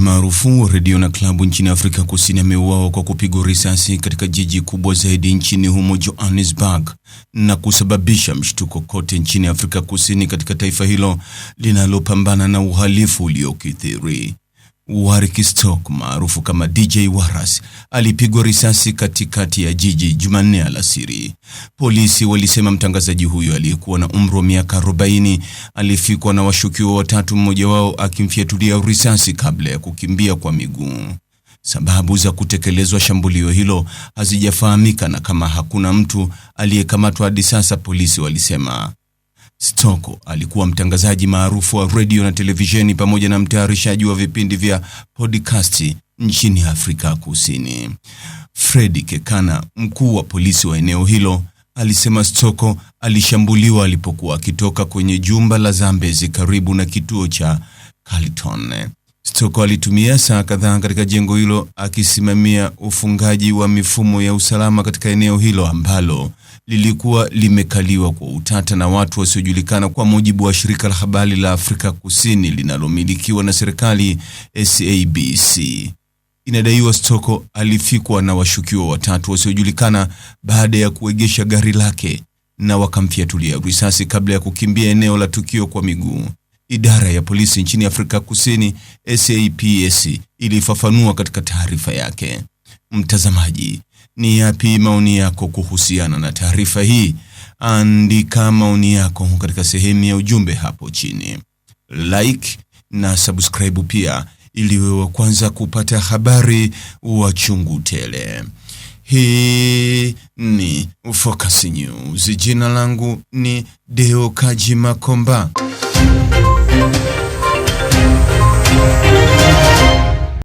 maarufu maarufu redio na klabu nchini Afrika Kusini ameuawa kwa kupigwa risasi katika jiji kubwa zaidi nchini humo Johannesburg, na kusababisha mshtuko kote nchini Afrika Kusini, katika taifa hilo linalopambana na uhalifu uliokithiri. Warwick Stock maarufu kama DJ Waras alipigwa risasi katikati ya jiji Jumanne alasiri. Polisi walisema mtangazaji huyo aliyekuwa na umri wa miaka 40 alifikwa na washukiwa watatu, mmoja wao akimfyatulia risasi kabla ya kukimbia kwa miguu. Sababu za kutekelezwa shambulio hilo hazijafahamika na kama hakuna mtu aliyekamatwa hadi sasa, polisi walisema. Stoko alikuwa mtangazaji maarufu wa redio na televisheni pamoja na mtayarishaji wa vipindi vya podcast nchini Afrika Kusini. Fredi Kekana, mkuu wa polisi wa eneo hilo, alisema Stoko alishambuliwa alipokuwa akitoka kwenye jumba la Zambezi karibu na kituo cha Carlton. Stoko alitumia saa kadhaa katika jengo hilo akisimamia ufungaji wa mifumo ya usalama katika eneo hilo ambalo lilikuwa limekaliwa kwa utata na watu wasiojulikana, kwa mujibu wa shirika la habari la Afrika Kusini linalomilikiwa na serikali SABC. Inadaiwa Stoko alifikwa na washukiwa watatu wasiojulikana baada ya kuegesha gari lake na wakamfyatulia risasi kabla ya kukimbia eneo la tukio kwa miguu. Idara ya polisi nchini Afrika Kusini SAPS ilifafanua katika taarifa yake. Mtazamaji, ni yapi maoni yako kuhusiana na taarifa hii? Andika maoni yako katika sehemu ya ujumbe hapo chini, like na subscribe pia, ili wewe wa kwanza kupata habari wa chungu tele. Hii ni Focus News. Jina langu ni Deo Kaji Makomba.